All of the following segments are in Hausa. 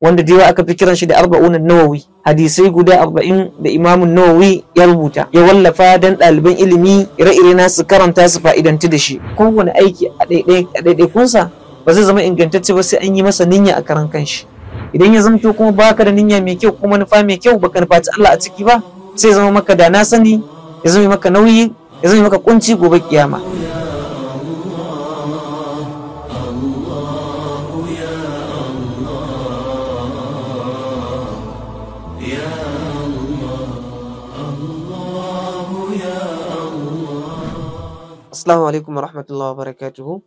wanda da yawa aka fi kiran shi da arba'un nawawi hadisai guda arba'in da imamun nawawi ya rubuta ya wallafa dan ɗaliban ilimi ire-ire na su karanta su fa'idantu da shi kowane aiki a ɗaiɗaikunsa ba zai zama ingantacce ba sai an yi masa niyya a karan kanshi idan ya zamto kuma baka da niyya mai kyau kuma nufa mai kyau baka nufaci Allah a ciki ba sai zama maka da na sani ya zama maka nauyi ya zama maka kunci gobe kiyama Assalamu alaikum warahmatullahi wabarakatuhu.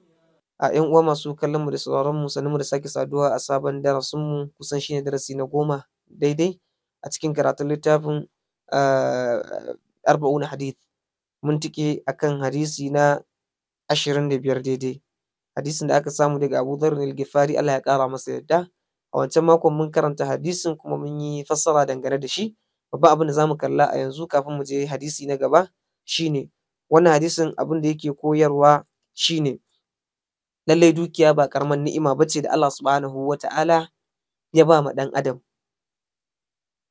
A ƴan uwa masu kallon mu da sauraron mu sanin mu da sake saduwa a sabon darasin mu kusan shine darasi na goma daidai a cikin karatun littafin ah, arba'una hadith. Mun tike akan hadisi na ashirin da biyar daidai. Hadisin da aka samu daga Abu Dharr al-Ghifari Allah ya ƙara masa yadda. A wancan makon mun karanta hadisin kuma mun yi fassara dangane da shi. Babban abin da zamu kalla a yanzu kafin mu je hadisi na gaba shine wannan hadisin abin da yake koyarwa shine lallai dukiya ba karamar ni'ima ba ce da Allah subhanahu Ta'ala ya ba ma ɗan adam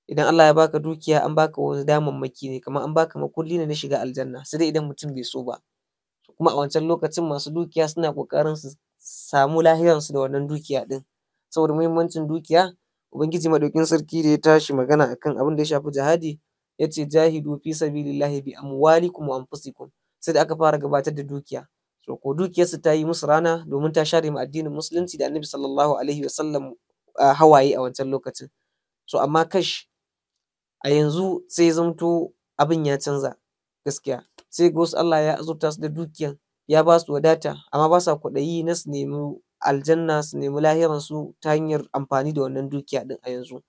idan Allah ya baka dukiya an baka wani damammaki ne kamar an baka makulli ne na shiga aljanna sai dai idan mutum bai so ba kuma a wancan lokacin masu dukiya suna kokarin su samu lahiransu da wannan dukiya ɗin. saboda muhimmancin dukiya ubangiji madaukin sarki da ya tashi magana akan abin da ya shafi jihadi ya ce jahidu fi sabilillahi bi amwalikum wa anfusikum sai da aka fara gabatar da dukiya To ko dukiyarsu ta yi musu rana domin ta share mu addinin musulunci da annabi sallallahu alaihi wa sallam hawaye a wancan lokacin so amma kash a yanzu sai zamto abin ya canza gaskiya sai ga wasu Allah ya azurta su da dukiyan ya ba su wadata amma ba sa kwaɗayi na su nemi aljanna su nemi lahiransu ta hanyar amfani da wannan dukiya din a yanzu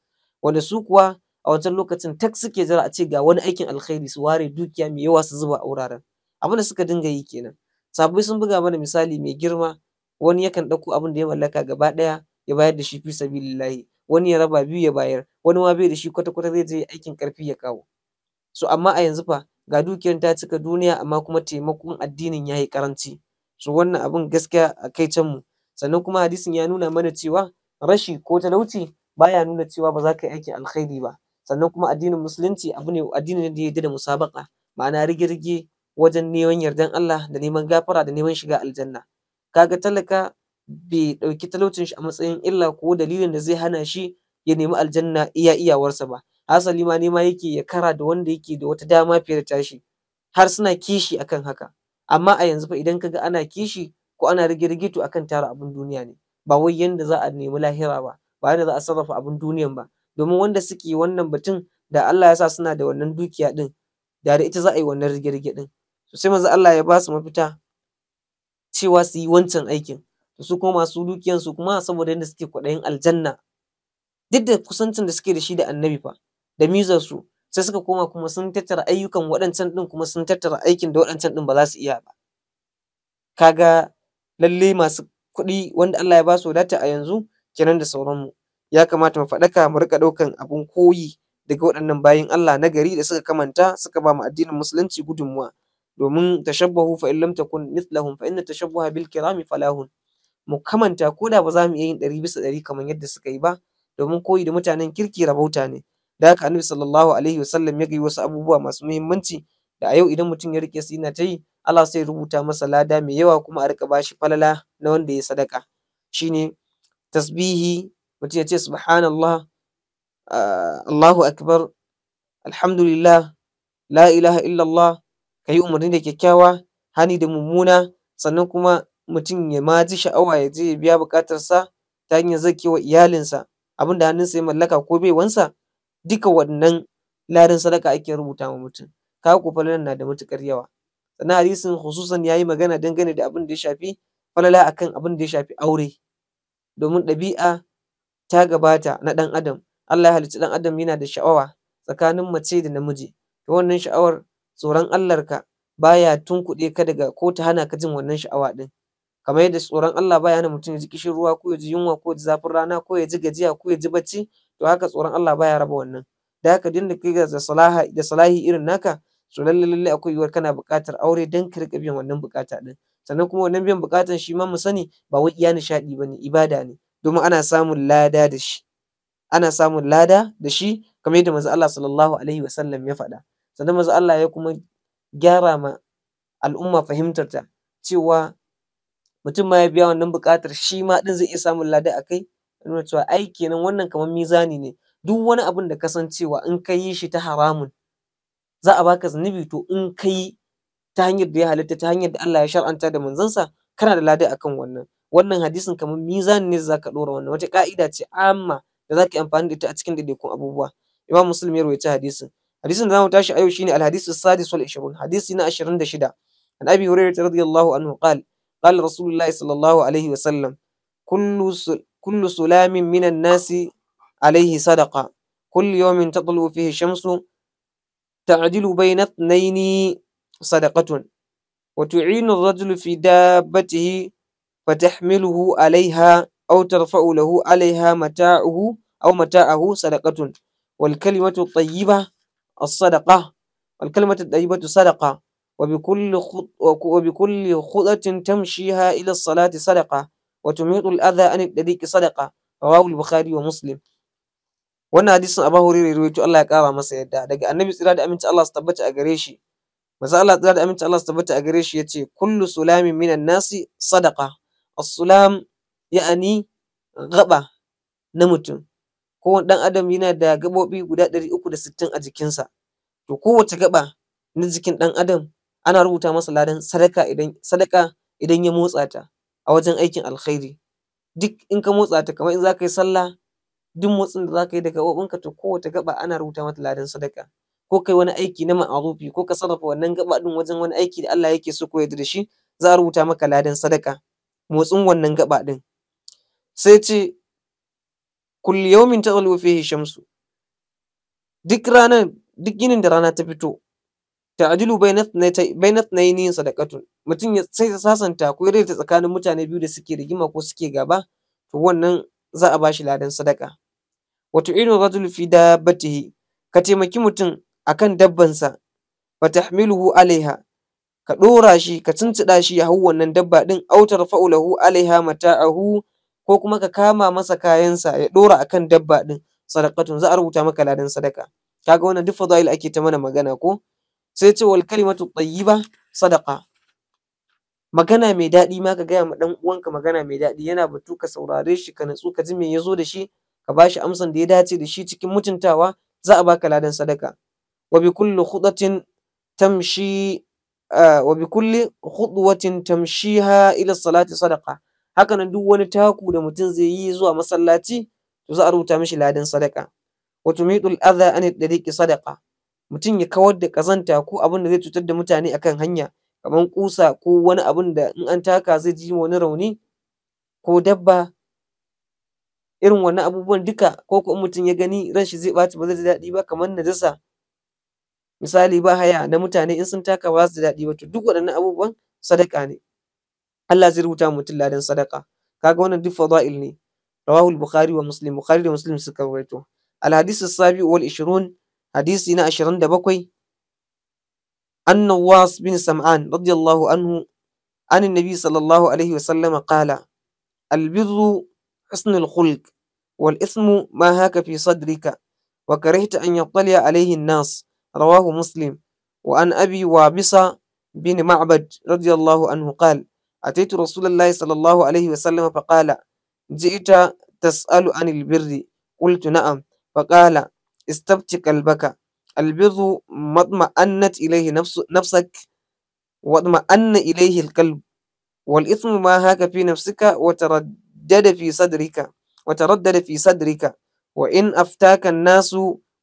wanda su kuwa a wancan lokacin tak suke jira a ce ga wani aikin alkhairi su ware dukiya mai yawa su zuba a wuraren abin da suka dinga yi kenan sabai sun buga mana misali mai girma wani yakan ɗauko abin da ya mallaka gaba ɗaya ya bayar da shi fi sabilillahi wani ya raba biyu ya bayar wani ma bai da shi kwata kwata zai je aikin karfi ya kawo so amma a yanzu fa ga dukiyar ta cika duniya amma kuma taimakon addinin ya yi ƙaranci so wannan abin gaskiya a kai can mu sannan kuma hadisin ya nuna mana cewa rashi ko talauci baya nuna cewa ba za ka yi aikin alkhairi ba sannan kuma addinin musulunci abu ne addinin da ya da musabaka ma'ana rige wajen neman yardan Allah da neman gafara da neman shiga aljanna kaga talaka bai ɗauki talaucin shi a matsayin illa ko dalilin da zai hana shi ya nemi aljanna iya iyawarsa ba asali ma nema yake ya kara da wanda yake da wata dama fiye da tashi har suna kishi akan haka amma a yanzu fa idan kaga ana kishi ko ana rige-rige to akan tara abun duniya ne ba wai yanda za a nemi lahira ba ba yanda za a sarrafa abun duniyan ba domin wanda suke wannan batun da Allah ya sa suna da wannan dukiya din da da ita za a yi wannan rige-rige din to sai manzo Allah ya ba su mafita cewa su yi wancan aikin to su kuma masu dukiyan su kuma saboda yadda suke kwaɗayin aljanna duk da kusancin da suke da shi da annabi fa da mizar su sai suka koma kuma sun tattara ayyukan waɗancan din kuma sun tattara aikin da waɗancan din ba za su iya ba kaga lalle masu kuɗi wanda Allah ya ba su wadata a yanzu kenan da sauran mu? ya kamata mu faɗaka mu riƙa ɗaukan abun koyi daga waɗannan bayin Allah na gari da suka kamanta suka ba mu addinin musulunci gudunmuwa domin tashabbahu fa in lam takun mithlahum fa inna tashabbaha bil kirami falahun mu kamanta ko da ba za mu iya yin ɗari bisa ɗari kamar yadda suka yi ba domin koyi da mutanen kirki rabauta ne da haka annabi sallallahu alaihi wasallam ya gayi wasu abubuwa masu muhimmanci da a yau idan mutum ya rike su yana ta yi Allah sai rubuta masa lada mai yawa kuma a rika bashi falala na wanda ya sadaka shine tasbihi mutum ya ce subhanallah ah, Allahu akbar alhamdulillah la ilaha illallah ka yi umarni da kyakkyawa hani da mummuna sannan kuma mutum ya ma ji sha'awa ya je ya biya bukatarsa ta hanyar zaki wa iyalinsa abin da hannunsa ya mallaka ko bai wansa duka wannan larin sadaka ake rubuta wa mutum ka ku falalan na da matukar yawa sannan hadisin hususan ya yi magana dangane da abin da ya shafi falala akan abin da ya shafi aure domin ɗabi'a ta gabata na ɗan adam Allah ya halicci ɗan adam yana da sha'awa tsakanin mace da namiji to wannan sha'awar tsoron Allahnka baya tunkuɗe ka daga ko ta hana ka jin wannan sha'awa ɗin kamar yadda tsoron Allah baya hana mutum ya ji kishin ruwa ko ya ji yunwa ko ya ji zafin rana ko ya ji gajiya ko ya ji bacci to haka tsoron Allah baya raba wannan da haka dinda kai ga salaha da salahi irin naka to lalle lalle akwai yuwar kana buƙatar aure dan ka riƙa biyan wannan buƙata din sannan kuma wannan biyan buƙatan shi ma mu sani ba wai iya nishaɗi bane ibada ne domin ana samun lada da shi ana samun lada da shi kamar yadda manzo Allah sallallahu alaihi wasallam ya faɗa sannan manzo Allah ya kuma gyara ma al'umma fahimtar ta cewa mutum ma ya biya wannan buƙatar shi ma din zai iya samun lada a kai cewa ai kenan wannan kamar mizani ne duk wani abin da cewa in ka yi shi ta haramun za a baka zunubi to in ka yi ta hanyar da ya halitta ta hanyar da Allah ya shar'anta da manzansa kana da lada akan wannan wannan hadisin kamar mizan ne za ka ɗora wannan wata ƙa'ida ce amma da za ka yi amfani da ita a cikin daidaikun abubuwa imam muslim ya rawaita hadisin hadisin da zamu tashi a yau shine Alhadis sadis wal 20 hadisi na 26 an abi hurairah radiyallahu anhu qala qala rasulullahi sallallahu alaihi wasallam kullu kullu sulamin minan nasi alaihi sadaqa kullu yawmin tatlu fihi shamsu ta'dilu bayna ithnaini sadaqatun wa tu'inu ar-rajulu fi dabbatihi فتحمله عليها أو ترفع له عليها متاعه أو متاعه صدقة والكلمة الطيبة الصدقة والكلمة الطيبة صدقة وبكل خط وبكل خطة تمشيها إلى الصلاة صدقة وتميط الأذى عن الطريق صدقة رواه البخاري ومسلم wannan hadisin Abu Hurairah rawaito Allah ya kara masa yadda daga Annabi tsira da aminci Allah su tabbata a gare shi manzo Allah tsira da aminci Allah su tabbata a gare shi yace kullu sulamin minan nasi sadaqa as-sulam ya'ani gaɓa na mutum ko ɗan adam yana da gabobi guda ɗari uku da sittin a jikinsa to kowace gaba na jikin dan adam ana rubuta masa ladan sadaka idan sadaka idan ya motsa ta a wajen aikin alkhairi duk in ka motsa ta kamar in za ka yi sallah duk motsin da za ka yi da gabobinka, to kowace gaba ana rubuta mata ladan sadaka ko kai wani aiki na ma'arufi ko ka sarrafa wannan gaba din wajen wani aiki da Allah yake so ko ya da shi za a rubuta maka ladan sadaka motsin wannan gaba ɗin sai ce kulli yawmin taghlu fihi shamsu duk ranan duk ginin da rana ta fito ta'dilu bainat nayni sadakatun. mutum ya sai ta sasanta ko ya ta tsakanin mutane biyu da suke rigima ko suke gaba to wannan za a bashi ladan sadaka wa tu'inu rajul fi dabbatihi ka taimaki mutum akan dabbansa fa tahmiluhu alaiha ka ɗora shi ka cinciɗa shi ya hau wannan dabba ɗin autar fa'ulahu alaiha mata'ahu ko kuma ka kama masa kayansa ya ɗora akan dabba ɗin sadaqatun za rubuta maka ladan sadaka kaga wannan duk fadail ake ta mana magana ko sai ce wal kalimatu tayyiba sadaqa magana mai daɗi ma ka gaya ma ɗan uwanka magana mai daɗi yana batu ka saurare shi ka natsu ka ji me ya zo da shi ka bashi amsan da ya dace da shi cikin mutuntawa za a baka ladan sadaka wa bi kulli khudatin tamshi wa bi kulli khudwatin tamshiha ila salati sadaqa haka nan duk wani taku da mutum zai yi zuwa masallaci to za a rubuta mishi ladan sadaka wa tumitul adha an tariqi sadaqa mutum ya kawar da kazanta ko abin da zai cutar da mutane akan hanya kamar kusa ko wani abin da in an taka zai ji wani rauni ko dabba irin wannan abubuwan duka ko ko mutum ya gani ran shi zai ɓaci ba zai ji daɗi ba kamar najasa misali ba haya na mutane in sun taka ba su daɗi ba to duk waɗannan abubuwan sadaka ne Allah zai rubuta mutum ladan sadaka kaga wannan duk fadail ne rawahul bukhari wa muslim bukhari da muslim suka rawaito al hadisi sabi wal 20 hadisi na 27 anna was bin sam'an radiyallahu anhu an annabi sallallahu alaihi wa sallam qala al birru al khulq wal ithmu ma haka fi sadrika wa karihta an yattali alaihi an-nas رواه مسلم وعن أبي وابصة بن معبد رضي الله عنه قال أتيت رسول الله صلى الله عليه وسلم فقال جئت تسأل عن البر قلت نعم فقال استبت قلبك البر ما اطمأنت إليه نفس نفسك واطمأن إليه القلب والإثم ما هاك في نفسك وتردد في صدرك وتردد في صدرك وإن أفتاك الناس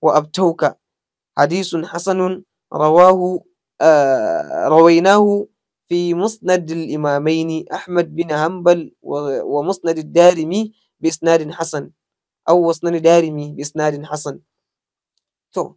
وأبتوك hadisun hasanun rawainahu fi musnad al-imamaini Ahmad bin Hambal wa musnad darimi bi isnadin hasan aw wasnad darimi bi isnadin hasan to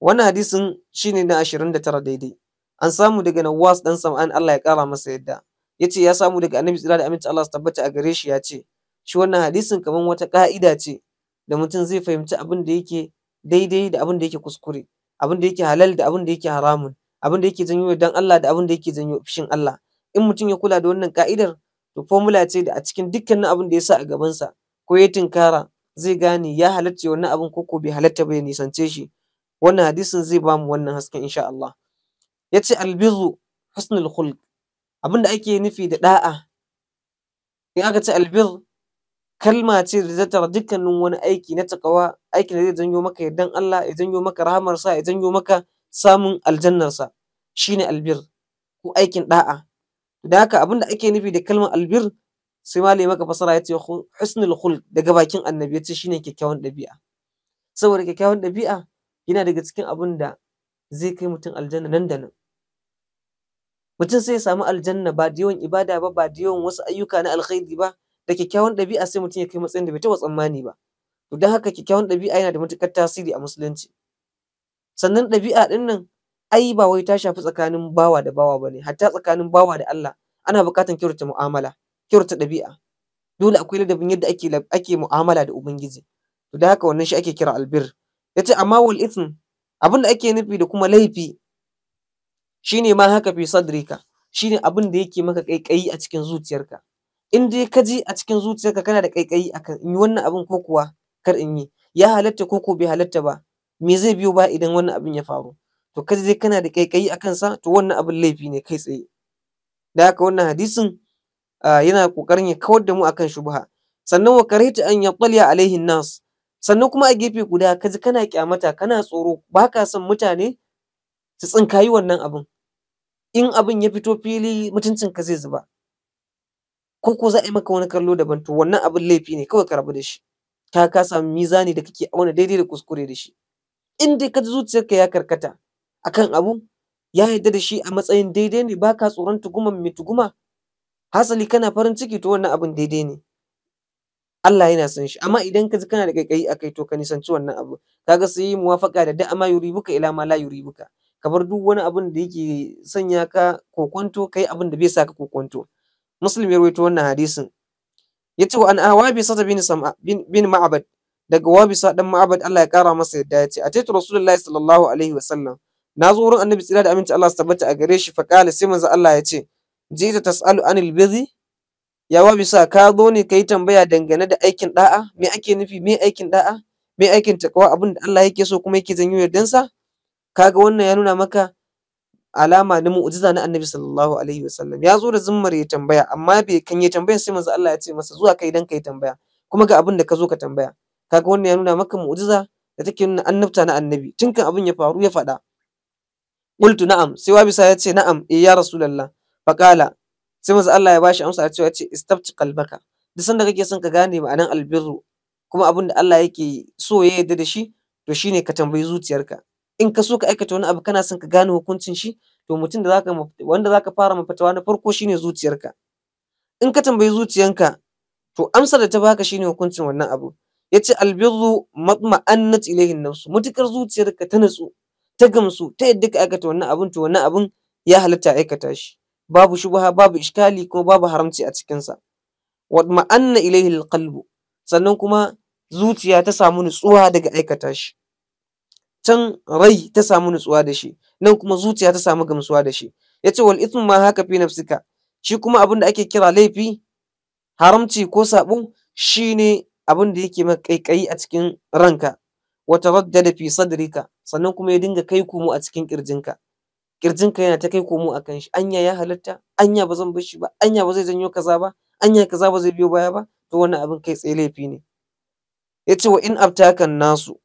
wannan hadisin shine na 29 daidai an samu daga Nawas dan Sam'an Allah ya kara masa yadda Ya ce ya samu daga Annabi tsira da aminci Allah su tabbata a gare shi ya ce shi wannan hadisin kamar wata ka'ida ce da mutum zai fahimci abin da yake daidai da abin da yake kuskure abin da yake halal da abin da yake haramun abin da yake janyo dan Allah da abin da yake janyo fushin Allah in mutum ya kula da wannan ka'idar to formula ce da a cikin dukkanin abin da ya sa a gabansa ko ya tinkara zai gane ya halatta wannan abin ko ko bai halatta ba ya nisance shi wannan hadisin zai ba mu wannan hasken insha Allah yace albizu husnul khulq abin da ake nufi da da'a in aka ce albir kalma ce da zata tara dukkanin wani aiki na takawa aiki da zai janyo maka yardan Allah ya janyo maka sa ya janyo maka samun aljannar sa shine albir ko aikin da'a da haka abinda ake nufi da kalmar albir sai malai maka fasara ya ce husnul khul daga bakin annabi ya ce shine kyakkyawan ɗabi'a saboda kyakkyawan ɗabi'a yana daga cikin abin da zai kai mutum aljanna nan da nan mutum sai ya samu aljanna ba da yawan ibada ba ba da yawan wasu ayyuka na alkhairi ba da kyakkyawan ɗabi'a sai mutum ya kai matsayin da bai taɓa tsammani ba to don haka kyakkyawan ɗabi'a yana da matuƙar tasiri a musulunci sannan ɗabi'a ɗin nan ai ba wai ta shafi tsakanin bawa da bawa bane hatta tsakanin bawa da Allah ana buƙatar kyautata mu'amala kyautata ɗabi'a dole akwai ladabin yadda ake ake mu'amala da ubangiji to haka wannan shi ake kira albir yace amma wal ithm abin da ake nufi da kuma laifi shine ma haka fi sadrika shine abin da yake maka kaikayi a cikin zuciyarka in dai ka ji a cikin zuciyarka kana da kaikayi akan in yi wannan abin ko kuwa kar in yi ya halatta ko ko bai halatta ba me zai biyo ba idan wannan abin ya faru to ka dai kana da kaikayi a kansa to wannan abin laifi ne kai tsaye da haka wannan hadisin yana kokarin ya kawar da mu akan shubha sannan wa karaita an yattaliya alaihin nas sannan kuma a gefe guda ka ji kana kyamata kana tsoro ba ka son mutane su tsinkayi wannan abin in abin ya fito fili mutuncinka zai zuba ko ko za a yi maka wani kallo daban to wannan abin laifi ne kawai ka rabu da shi ka ka samu mizani da kake auna daidai da kuskure da shi in dai ka ji zuciyarka ya karkata akan abu ya yarda da shi a matsayin daidai ne ba ka tsoron tuguma mai tuguma hasali kana farin ciki to wannan abin daidai ne Allah yana son shi amma idan ka ji kana da kaikayi akai to ka nisanci wannan abu kaga sai yi muwafaka da da'a yuri yuribuka ila ma la yuribuka ka bar duk wani abin da yake sanya ka kokwanto kai abin da bai sa ka kokwanto muslim ya rawaito wannan hadisin yace wa an awabi sada bin sam'a bin ma'abad? daga wabisa dan ma'abad Allah ya kara masa yadda ya ce a taitu rasulullahi sallallahu alaihi na zo wurin annabi tsira da aminta Allah su tabbata a gare shi fa sai manzo Allah ya ce ta tasalu anil birri ya wabisa ka zo ne yi tambaya dangane da aikin da'a me ake nufi me aikin da'a me aikin takwa abin da Allah yake so kuma yake janyo yardansa kaga wannan ya nuna maka alama na mu'jiza na annabi sallallahu alaihi wasallam ya zo da zummar ya tambaya amma bai kan ya tambaya sai manzo Allah ya ce masa zuwa kai dan kai tambaya kuma ga abin da ka zo ka tambaya kaga wannan ya nuna maka mu'jiza da take nuna annabta na annabi tun kan abin ya faru ya faɗa qultu na'am sai bisa ya ce na'am eh ya rasulullah faqala sai manzo Allah ya bashi amsa cewa ce istafti qalbaka duk sanda kake son ka gane ma'anan albirru kuma abin da Allah yake so ya yarda da shi to shine ka tambayi zuciyarka in ka so ka aikata wani abu kana son ka gane hukuncin shi to mutum da zaka wanda zaka fara mafatawa na farko shine zuciyarka in ka tambayi zuciyanka to amsar da ta baka shine hukuncin wannan abu yace albirru matma'annat ilayhin nafs mutukar zuciyarka ta natsu ta gamsu ta yadda ka aikata wannan abun to wannan abun ya halatta aikata shi babu shubha babu iskali kuma babu haramci a cikin cikinsa wadma'anna ilayhi alqalbu sannan kuma zuciya ta samu nutsuwa daga aikata shi can rai ta samu nutsuwa da shi nan kuma zuciya ta samu gamsuwa da shi yace wal ithmu ma haka fi nafsika shi kuma abin da ake kira laifi haramci ko sabo shine abin da yake maka kaikayi a cikin ranka wa taraddada fi sadrika sannan kuma ya dinga kai komo a cikin kirjinka kirjinka yana ta kai komo akan shi anya ya halatta anya ba zan bar shi ba anya ba zai janyo kaza ba anya kaza ba zai biyo baya ba to wannan abin kai tsaye laifi ne yace wa in abtakan nasu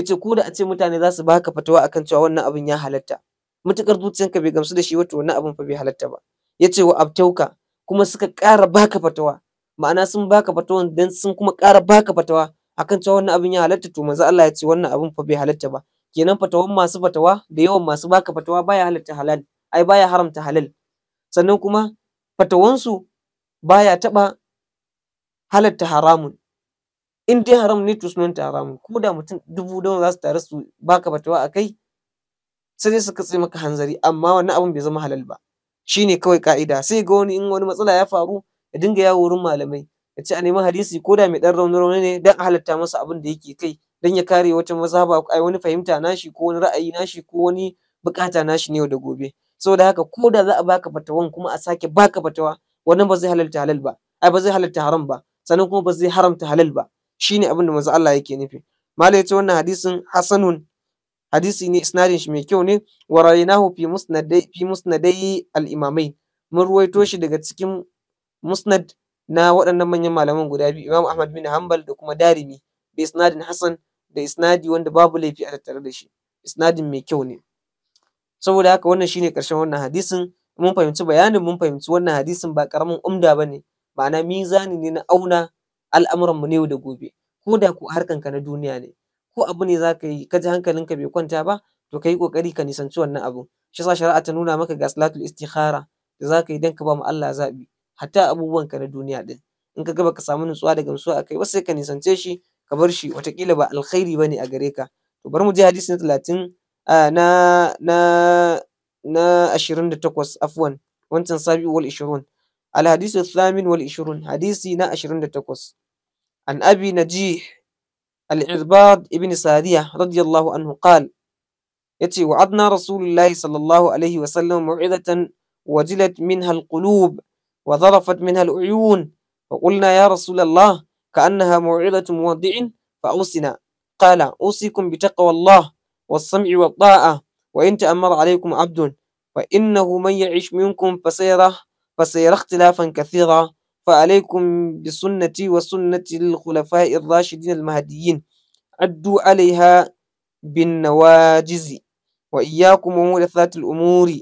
yace ko da a ce mutane za su baka fatawa akan cewa wannan abin ya halatta mutukar zuciyanka bai gamsu da shi wato wannan abin fa bai halatta ba yace wa abtauka kuma suka ƙara baka fatawa ma'ana sun baka fatawa dan sun kuma ƙara baka fatawa akan cewa wannan abin ya halatta to manzo Allah ya ce wannan abin fa bai halatta ba kenan fatawan masu fatawa da yawan masu baka fatawa baya halatta halal ai baya haramta halal sannan kuma fatawansu baya taɓa halatta haramun in dai haram ne to ta haramun ko da mutum dubu nawa za su taru su baka fatawa a kai sai dai su katse maka hanzari amma wannan abin bai zama halal ba shine kawai ka'ida sai ga wani in wani matsala ya faru ya dinga yawo wurin malamai ya ce a nemi hadisi ko da mai dan rauni rauni ne dan a halatta masa abin da yake kai dan ya kare wata mazhaba ai wani fahimta nashi ko wani ra'ayi nashi ko wani bukata nashi ne yau da gobe saboda haka ko da za a baka fatawan kuma a sake baka fatawa wannan ba zai halalta halal ba ai ba zai halalta haram ba sannan kuma ba zai haramta halal ba shine abin da manzo Allah yake nufi malai yace wannan hadisin hasanun hadisi ne isnadin shi mai kyau ne wa rainahu fi musnadai fi musnadai al-imamai mun ruwaito shi daga cikin musnad na waɗannan manyan malaman guda biyu Imam Ahmad bin Hanbal da kuma Darimi da isnadin Hassan da isnadi wanda babu laifi a tattare da shi isnadin mai kyau ne saboda haka wannan shine karshen wannan hadisin mun fahimci bayanin mun fahimci wannan hadisin ba karamin umda bane ma'ana mizani ne na auna al'amuranmu na yau da gobe ko da ko ka na duniya ne ko abu ne zaka yi ka ji ka bai kwanta ba to ka yi ƙoƙari ka nisanci wannan abu shi sa shari'a ta nuna maka ga salatul istikhara da zaka yi dan ka ba mu Allah zabi hatta abubuwan ka na duniya ɗin in ka gaba ka samu nutsuwa da gamsuwa a kai wasu sai ka nisance shi ka bar shi watakila ba alkhairi ba ne a gare ka to bar mu je hadisi na talatin na na na 28 afwan wancan sabi'u wal الحديث الثامن والعشرون حديثنا عشرون تقص عن أبي نجيح العرباض ابن سارية رضي الله عنه قال يتي وعدنا رسول الله صلى الله عليه وسلم موعظة وجلت منها القلوب وظرفت منها العيون وقلنا يا رسول الله كأنها موعظة موضع فأوصنا قال أوصيكم بتقوى الله والسمع والطاعة وإن تأمر عليكم عبد فإنه من يعيش منكم فسيره فسيرى اختلافا كثيرا فعليكم بسنتي وسنة الخلفاء الراشدين المهديين أدوا عليها بالنواجز وإياكم ومحدثات الأمور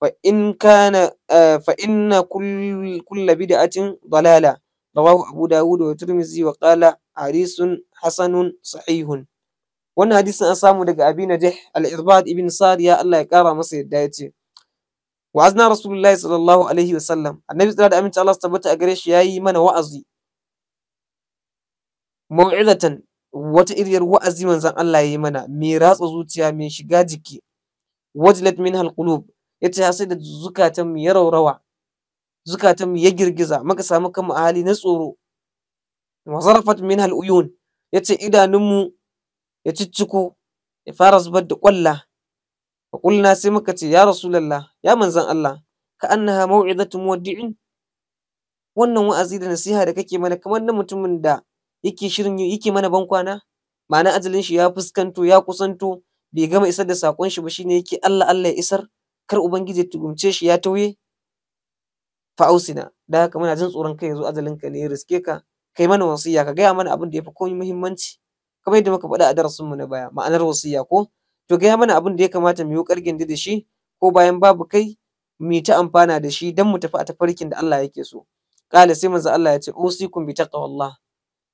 فإن كان فإن كل كل بدعة ضلالة رواه أبو داود والترمذي وقال حديث حسن صحيح wannan hadisin an samu daga abi najih al-irbad ibn sariya Allah ya kara masa yadda ya ce Wa'azina azna rasulullahi sallallahu alaihi wasallam annabi tsira da aminci Allah tabbata a gare shi yayi mana wa'azi mau'izatan wata iriyar wa'azi manzon Allah yayi mana mai ratsa zuciya mai shiga jiki wajlat minhal qulub yace sai da zukatan mu ya raurawa zukatan mu ya girgiza muka samu kanmu a hali na tsoro wa zarafat minhal uyun yace idanun mu ya cicciko ya fara zubar da kwalla faƙulna sai muka ce ya rasulallah ya manzan Allah ka annaha mau'izatu muwaddi'in wannan wa'azi da nasiha da kake mana kamar na mutumin da yake shirin yake mana bankwana ma'ana ajalin shi ya fuskanto ya kusanto bai gama isar da sakon shi ba shine yake Allah Allah ya isar kar ubangiji tugumce shi ya tauye fa ausina da haka muna jin tsoron kai yazo ajalin ka ne ya riske ka kai mana wasiya ka gaya mana abin da ya fi komai muhimmanci kamar yadda muka faɗa a darasin mu na baya ma'anar wasiya ko to gaya mana abin da ya kamata mu yi ƙargin da shi ko bayan babu kai mu ta amfana da shi don mu tafi a tafarkin da Allah yake so kala sai manzo Allah ya ce usikum bi taqwallah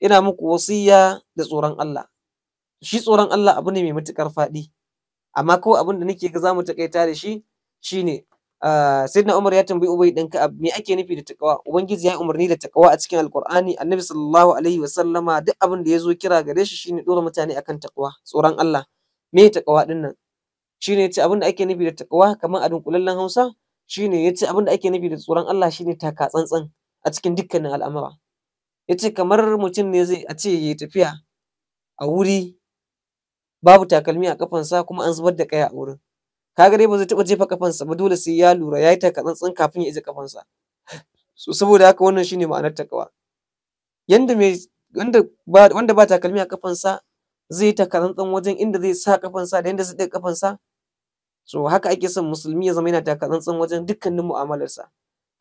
ina muku wasiya da tsoron Allah shi tsoron Allah abu ne mai matukar faɗi amma ko abin da nake ga zamu takaita da shi shine ah, sayyidina Umar ya tambayi Ubay dan ka, me ake nufi da takawa ubangiji ya umarni da takawa a cikin alqur'ani annabi sallallahu alaihi wasallama duk abin da ya zo kira gare shi shine dora mutane akan takawa tsoron Allah me taƙawa ɗin nan shine yace abin da ake nufi da taƙawa kamar a dunkulallen Hausa shine yace abin da ake nufi da tsoron Allah shine taka tsantsan a cikin dukkanin al'amura yace kamar mutum ne zai a ce yayi tafiya a wuri babu takalmi a kafansa kuma an zubar da kaya a wurin kaga dai ba zai taɓa jefa kafansa ba dole sai ya lura yayi taka tsantsan kafin ya ije kafansa so saboda haka wannan shine ma'anar taƙawa yanda mai wanda ba takalmi a kafansa zai yi takatsantsan wajen inda zai sa kafansa da inda zai ɗaga kafansa so haka ake son musulmi ya zama yana takatsantsan wajen dukkanin mu'amalarsa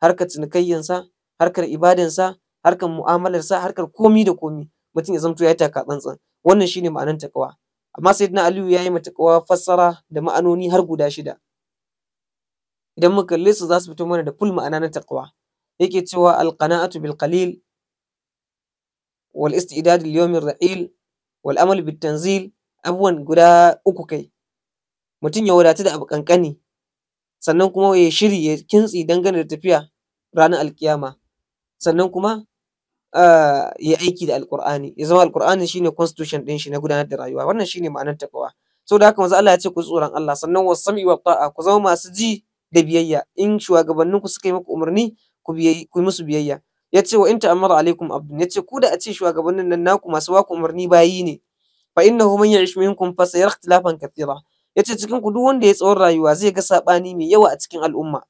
harkar cinikayyansa harkar ibadansa harkar mu'amalarsa harkar komi da komi mutum ya zamto ya yi takatsantsan wannan shine ma'anar takawa amma na aliyu ya yi mata kawa fassara da ma'anoni har guda shida idan mu kalle su za su fito mana da ful ma'ana na takawa yake cewa alqana'atu bil qalil wal istidad lil yawmir ra'il Wal'amal bitanzil abubuwan guda uku kai mutum ya wadatu da abu sannan kuma ya shiri ya kintsi dangane da tafiya ranar alkiyama sannan kuma ah, ya aiki da alkur'ani ya zama alkur'ani shine constitution din shi na gudanar da rayuwa wannan shine ma'anar takawa so da haka manzo Allah ya ce ku tsoron Allah sannan was sam'i wa ta'a ku zama masu ji da biyayya in shugabanninku ku suka yi muku umarni ku yi musu biyayya ya ce wa in ta'ammara alaikum abdun ya ce ku da a ce shugabannin nan naku masu baku umarni bayi ne fa hu man ya'ish minkum fa sayara ikhtilafan kathira ya ce cikin ku duk wanda ya tsawon rayuwa zai ga sabani mai yawa a cikin al'umma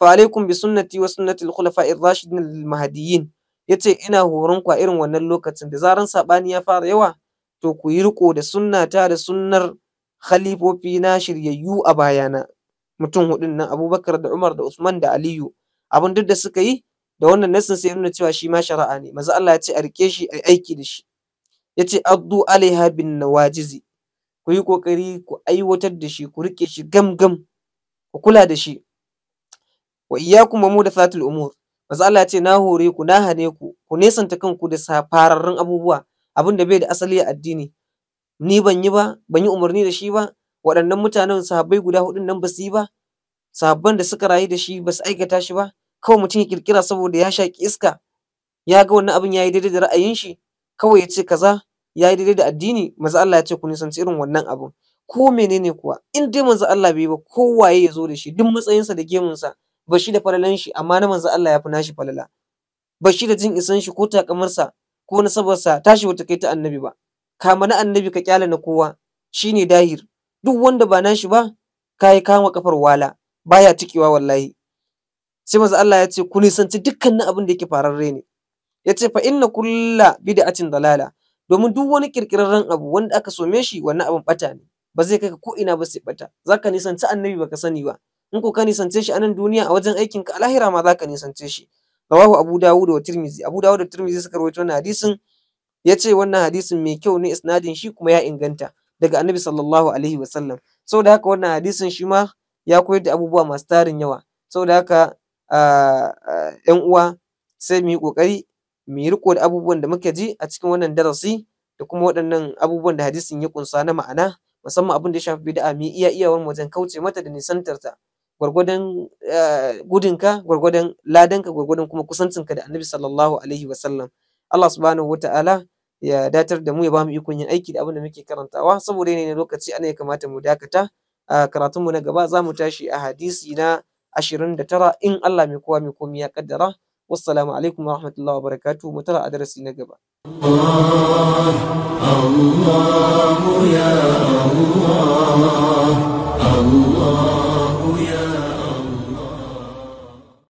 fa alaikum bi sunnati wa sunnati al-khulafa'i ar-rashidin al-mahdiyyin ya ce ina horon ku a irin wannan lokacin da zaran sabani ya fara yawa to ku yi riko da sunnata da sunnar khalifofi na shiryayyu a bayana mutum hudun nan Abubakar da Umar da Usman da Aliyu abin duk da suka yi da wannan nassin sai nuna cewa shi ma shari'a ne manzo Allah ya ce a rike shi a aiki da shi yace addu alaiha bin nawajizi ku yi kokari ku aiwatar da shi ku rike shi gam gam ku kula da shi wa iyyakum muhdathatil umur manzo Allah ya ce na hore ku na hane ku ku nesanta kanku da safararrun abubuwa abin da bai da asali a addini ni ban yi ba ban yi umarni da shi ba waɗannan mutanen sahabbai guda hudun nan ba su yi ba sahabban da suka rayu da shi ba su aikata shi ba kawai mutum ya kirkira saboda ya shaki iska ya ga wani abin ya yi daidai da ra'ayin shi kawai ya ce kaza ya yi daidai da addini manzo Allah ya ce ku nisanci irin wannan abin ko menene kuwa in dai manzo Allah bai ba kowaye ya zo da shi duk matsayinsa da gemunsa ba shi da falalan shi amma na manzo Allah ya fi nashi falala ba shi da jin isan shi ko takamarsa ko nasabarsa tashi wata kai ta annabi ba kama na annabi ka kyale na kowa shine dahir duk wanda ba nashi ba kai kama kafar wala baya tikewa wallahi sai maza Allah ya ce ku nisanci dukkanin abin da yake fararre ne ya ce fa inna kulla bid'atin dalala domin duk wani kirkirarren abu wanda aka some shi wannan abin bata ne ba zai kai ka ko ina ba sai bata zaka nisanci annabi baka sani ba in ko ka nisance shi a nan duniya a wajen aikin ka alahira ma zaka nisance shi rawahu abu dawud wa tirmizi abu dawud da tirmizi suka rawaito wannan hadisin ya ce wannan hadisin mai kyau ne isnadin shi kuma ya inganta daga annabi sallallahu alaihi wasallam saboda haka wannan hadisin shi ma ya koyar da abubuwa masu tarin yawa saboda haka ‘yan uwa sai mu yi ƙoƙari mu yi riƙo da abubuwan da muka ji a cikin wannan darasi da kuma waɗannan abubuwan da hadisin ya ƙunsa na ma'ana musamman abin da ya shafi bid'a mu iya iyawar wajen kauce mata da nisantar ta gwargwadon gudunka gwargwadon ladanka gwargwadon kuma kusancinka da annabi sallallahu alaihi wasallam Allah subhanahu wataala ya datar da mu ya ba mu ikon yin aiki da abin da muke karantawa saboda yanayin lokaci ana ya kamata mu dakata a karatunmu na gaba za mu tashi a hadisi na ashirin da tara in Allah mai kowa mai komi ya kaddara wassalamu alaikum wa rahmatullahi wa barakatuhu mu tara a darasi na gaba Allah ya Allah Allah